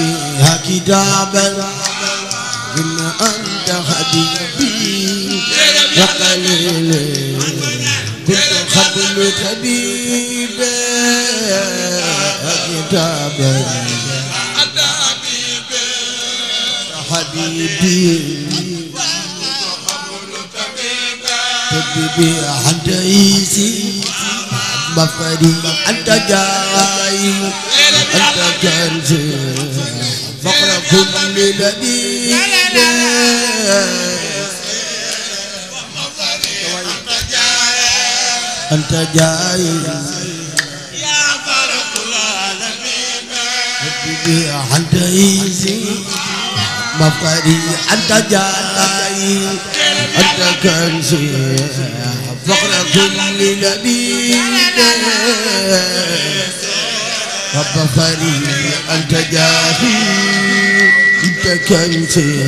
فيها كتابا إن أنت حبيبي وقليل كنت قبل طبيبا كتابا حبيبي طبيبي حتى يسير مفري أنت جاي أنت كنزي فقر كل لبي أنت جاي يا فرق العالمين حبيبي أنت إيزي مفري أنت جاي أنت كنزي فقر كل نبي رب خيري أنت جاهي أنت كنزي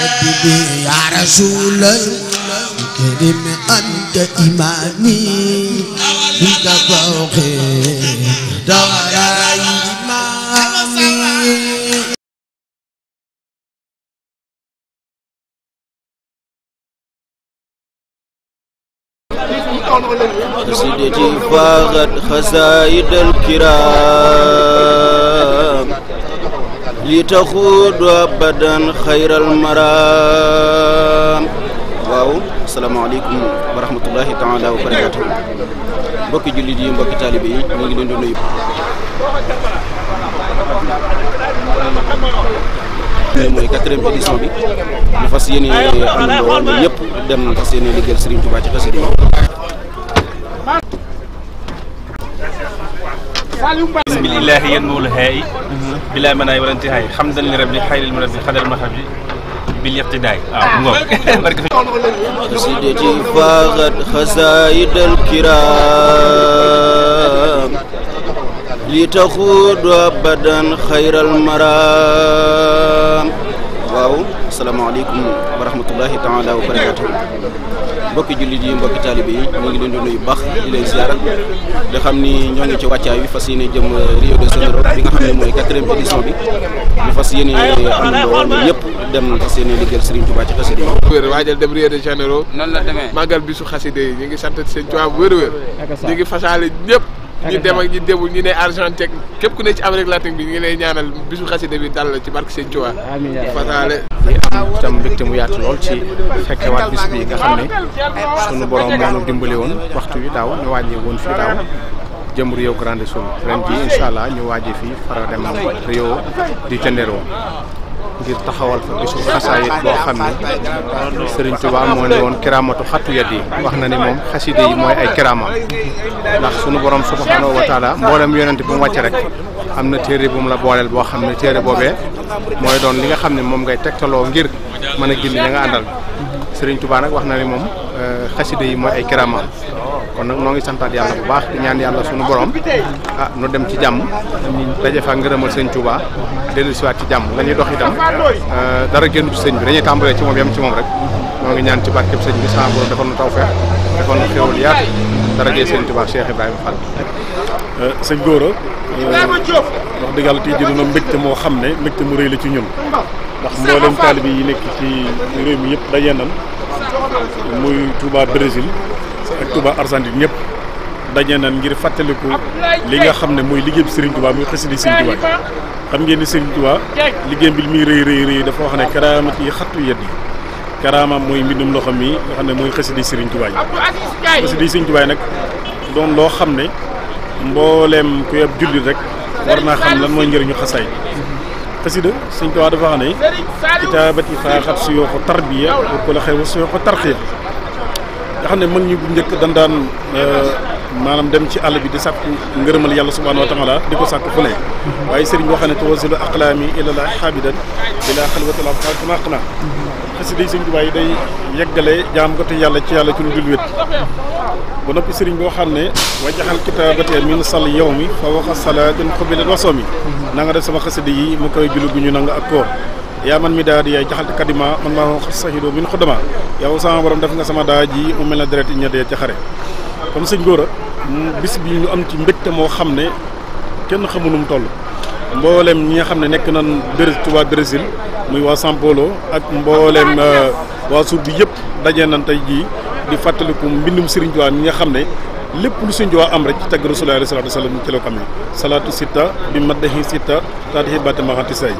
ربي يا رسول الكريم أنت إمامي أنت فوقي دورك قصيدتي فاغت خسائد الكرام لتخوض أبدا خير المرام waaw asalaamaaleykum wa rahmatullahi taala wa barakatuh mbokki jullit yi mbokki taalibe yi ñu ngi leen di nuyu mooy quatrième édition bi ñu fas yéene am ñëpp dem fas yéene liggéeyal Serigne Touba ci xasida bismillahi yenmawul heey bilaa manaay walanti hay xamdan li rabbi xayril mu rabbi xadal ma xabbi bil iqtidaay waaw قصيدتي فاغت خسائد الكرام لتخوض أبدا خير المرام waaw asalaamaaleykum wa rahmatullahi taala wa barakatuh mbokki jullit yi mbokki taalibe yi ñu ngi leen di nuyu bu baax di leen ziara da xam ni ñoo ngi ci wàccaay bi fas yéene jëm Rio de Janeiro bi nga xam ne mooy quatrième édition bi ñu fas yéene am loolu yëpp dem fas yéene liggéeyal Serigne Touba ci xasida yi de Janeiro noonu la demee màggal bisu xasida yi ñu ngi wér wér ñu ngi fasaale ñëpp ñi dem ak ñi demul ñi ne Argentine képp ku ne ci Amérique latine bi ñu ngi lay ñaanal bisu xasida bi dal la ci barke Sëñ Tuubaa fasaale am tam mbégte mu yaatu lool ci fekkewaat bis bi nga xam ne sunu borom moo nu dimbali woon waxtu wi daaw ñu wàññi woon fii daaw jëm Rio Grande Sul ren ji incha ñu waajee fii fara dem Rio di Janeiro ngir taxawal fa bisu xasaayit boo xam ne Serigne Touba moo ne woon kiraamatu xattu yat yi wax na ne moom xaside yi mooy ay kiraama ndax sunu borom subhanahu wa taala mboolem yonente bu mu wàcce rek am na téere bu la booleel boo xam ne téere boobee mooy doon li nga xam ne moom ngay tegtaloo ngir mën a gindi ña nga àndal Serigne Touba nag wax na ne moom euh, xaside yi mooy ay kiraama kon nag noo ngi santaat yàlla bu baax di ñaan yàlla sunu borom ah nu dem ci jàmm daje fa ngërëmal sëñ Touba dellu siwaat ci jàmm la ñuy dox itam euh, dara génn ci sëñ bi dañuy tàmbalee ci moom yem ci moom rek noo ngi ñaan ci barkeb sëñ bi sa borom defal nu tawfeex defal nu xéwal yaatu dara jee sëñ Touba Cheikh Ibrahima Fall. Euh, sëñ Gora euh, wax dëgg yàlla tey jii dina moo xam ne mbégte mu rëy la ci ñun ndax mboolem taalibe yi nekk ci réew mi yëpp daje nan muy Touba Brésil Touba Argentine ñëpp daje nañ ngir fàttaliku li nga xam ne mooy liggéey bi Serigne Touba muy xasida Serigne Touba xam ngeen ni Serigne Touba liggéey bi li muy rëy rëy rëy dafa wax ne karaama ci xattu yedd yi karaama mooy mbindum loxo mi nga xam ne mooy xasida Serigne Touba yi xasida Serigne Touba yi nag doon loo xam ne mbooleem kuy ab jullit rek war naa xam lan mooy njëriñu xasaay xasida sëñ Touba dafa wax ne kitaabati faaxat suyoo ko tarbiya pour suyoo xam ne mag ñi bu njëkk dañ daan euh, maanaam dem ci àll bi di sàkku ngërëmal yàlla subhanahu wa taala di ko sàkk fu ne waaye sëriñ boo xam ne tawasilu aqlaami ila la xaabidat ila xalwatal abqaar kama aqna xasida yi sëriñ Tuubaa yi day yeggale jaam te yàlla ci yàlla ci lu dul ba noppi sëriñ boo xam ne wajaxal kitaabate min sal yow mi fa waxa salaatin xubilat wasoo mi na nga def sama xasida yi mu koy julli gu ñu nangu ak koor yaa man mi daa di yaay jaxalte kadima man maa moom sahido min xuddama yow sama borom def nga sama daa ji mu mel na deret ña dee ca xare comme sëñ góor bis bi ñu am ci mbégte moo xam ne kenn xamu nu mu toll mboolem ñi nga xam ne nekk nan dër waa Brésil muy waa São Paulo ak mboolem euh, waa suuf bi yëpp dajee nan tey jii di fàttaliku mbindum Sëriñ Tuubaa mi nga xam ne lépp lu Sëriñ Tuubaa am rek ci tagg Rasulullah sallallahu alayhi wa sallam ci la ko amee salaatu sitta bi maddahi sitta taatihi baatamaxati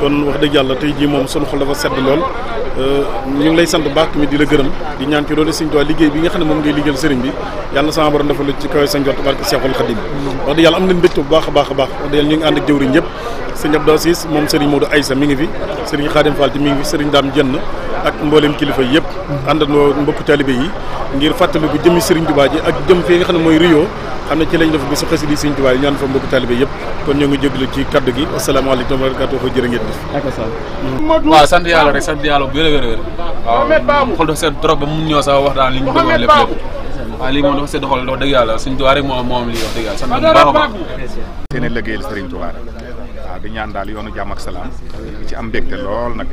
kon wax dëgg yàlla tey jii moom sunu xol dafa sedd lool euh, ñu lay sant baax tamit di la gërëm di ñaan ci loolu Sëriñ Tuubaa liggéey bi nga xam ne moom ngay liggéeyal sëriñ bi yàlla sama borom dafa lu ci kawe sa njot barke Seexul Xadim wax dëgg yàlla am nañ mbégte baax a baax a baax wax dëgg yàlla ñu ngi ànd ak jëwriñ yëpp sëriñ Abdou Assis moom sëriñ Modou Aïssa mi ngi fi sëriñ Xaadim Fall mi ngi fi sëriñ Daam Jenn ak mboolem kilifa yëpp àndandoo mbokk taalibe yi ngir fàttaliku jëmmi Serigne Touba ji ak jëm fii nga xam ne mooy Rio xam ne ci lañ def bisu xasida yi Serigne Touba yi ñaan fa mbokk taalibe yëpp kon ñoo ngi jéglu ci kaddu gi asalaamaaleykum wa rahmatulah ko bu wér a wér a wér waaw xol dafa seen ba mun ñëw sax wax daal li ñu bëggoon lépp moom lii wax dëgg yàlla sant di ñaan daal yoonu jàmm ak salaam di ci am mbégte lool nag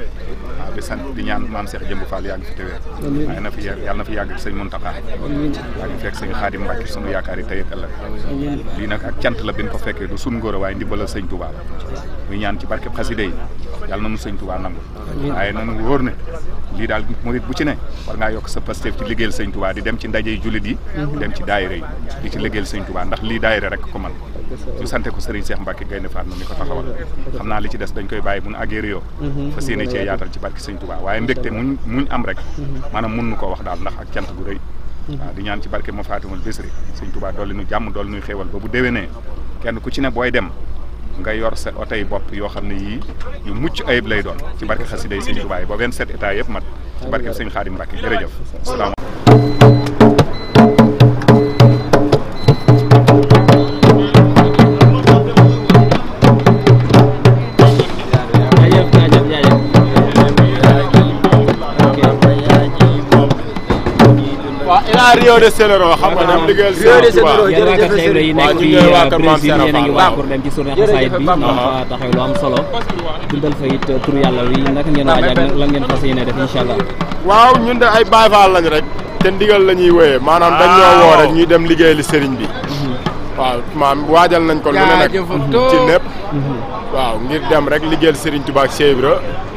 waaw di sant di ñaan maam Cheikh Jëmb Fall yaa ngi fi tewee waaye fi yàlla na fi yàgg ak sëñ Muntaxa yaa ngi fekk sëñ Xaadim Mbàkke sunu yaakaar yi tey ak ëllëg lii nag ak cant la bin ko fekkee du sun ngóor waaye sañ sëñ Tuubaa muy ñaan ci barkeb xaside yi yàlla na nu sëñ Tuubaa nangu waaye nanu wóor ne lii daal murit bu ci ne war ngaa yokk sa pasteef ci liggéeyal sëñ Tuubaa di dem ci ndaje yi jullit yi dem ci daayira yi ndax lii daayira rek ko ñu sante ko Serigne Cheikh Mbacke Gaynde Fatma mi ko taxawal xam naa li ci des dañ koy bàyyi mun agee Rio mhm. fas yéene cee yaatal ci barke Serigne Touba waaye mbégte muñ muñ am rek mhm. maanaam mun nu ko wax daal ndax ak cant gu rëy mhm. waaw di ñaan ci barke ma faatimal Bisri Serigne Touba dolli nu jàmm dolli nuy xéewal ba bu déwénee kenn ku ci ne booy dem nga yor sa otey bopp yoo xam ne yii yu mucc ayib lay doon ci barke xasida yi Serigne Touba yi ba 27 état yëpp mat ci barke Serigne waaw a Rio de Janeiro xam nga dem liggéeyal sëñ euh, waaw waaw ñu ngi solo dundal fa it tur yàlla wi naka ngeen waajal ñun de ay Baay Faal lañ rek. te ndigal la ñuy wéyee maanaam dañ ñoo ñuy dem liggéeyali sëriñ bi. Mhm. waaw maam waajal nañ ko lu ne nag ci lépp. Mhm. waaw ngir dem rek liggéeyal sëriñ Tuubaa ak Cheikh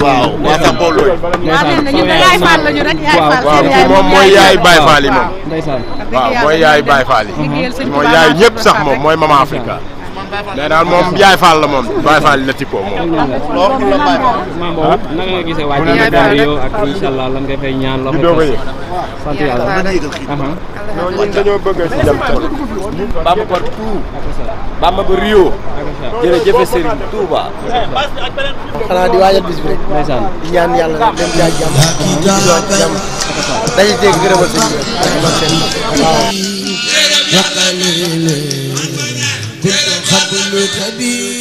waaw waa Sàmpa Looy. waaw moom mooy yaay Baye Fall yi moom. waaw mooy yaay Baye Fall yi. mooy yaay ñëpp sax moom mooy Mama Africa. mais daal moom Baye Fall la moom Baye Fall la tippoo moom. loolu la Baye Fall. maam boobu naka nga gisee waa Jalle ak incha allah lan nga fay a yëg bëgg a si jëm tool. Bamba Rio. jërëjëf Serigne Touba. xanaa di waajal bis bi rek. ndeysaan di ñaan yàlla rek dem jaay jàmm. dañuy dégg gërëmal sëñ